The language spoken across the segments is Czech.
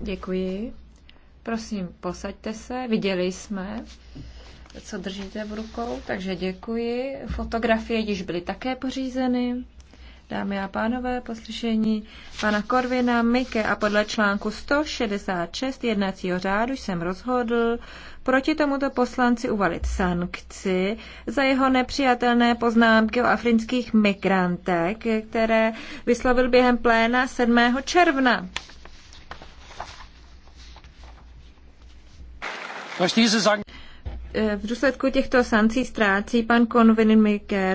Děkuji. Prosím, posaďte se. Viděli jsme, co držíte v rukou, takže děkuji. Fotografie již byly také pořízeny. Dámy a pánové, poslyšení pana Korvina Mike a podle článku 166 jednacího řádu jsem rozhodl proti tomuto poslanci uvalit sankci za jeho nepřijatelné poznámky o afrických migrantech, které vyslovil během pléna 7. června. Durch diese v důsledku těchto sankcí ztrácí pan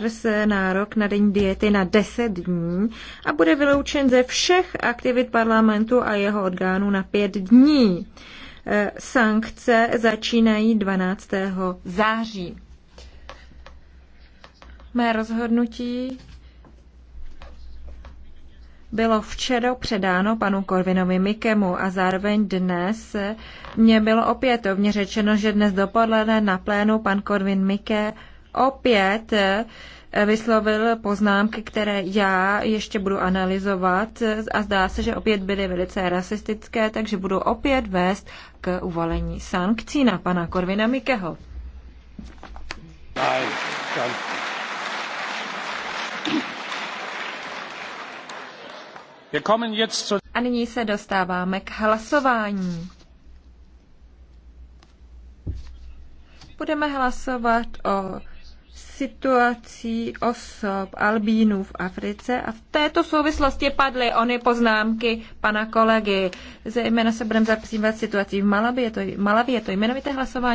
se nárok na den diety na 10 dní a bude vyloučen ze všech aktivit parlamentu a jeho orgánů na 5 dní. E, sankce začínají 12. září. Mé rozhodnutí bylo včera předáno panu Korvinovi Mikemu a zároveň dnes mě bylo opětovně řečeno, že dnes dopoledne na plénu pan Korvin Mike opět eh, vyslovil poznámky, které já ještě budu analyzovat a zdá se, že opět byly velice rasistické, takže budu opět vést k uvalení sankcí na pana Korvina Mikeho. Nein, a nyní se dostáváme k hlasování. Budeme hlasovat o situací osob albínů v Africe a v této souvislosti padly ony poznámky pana kolegy. Zejména se budeme zapřívat situací v Malavě, je to, Malavi, je to jmenovité hlasování.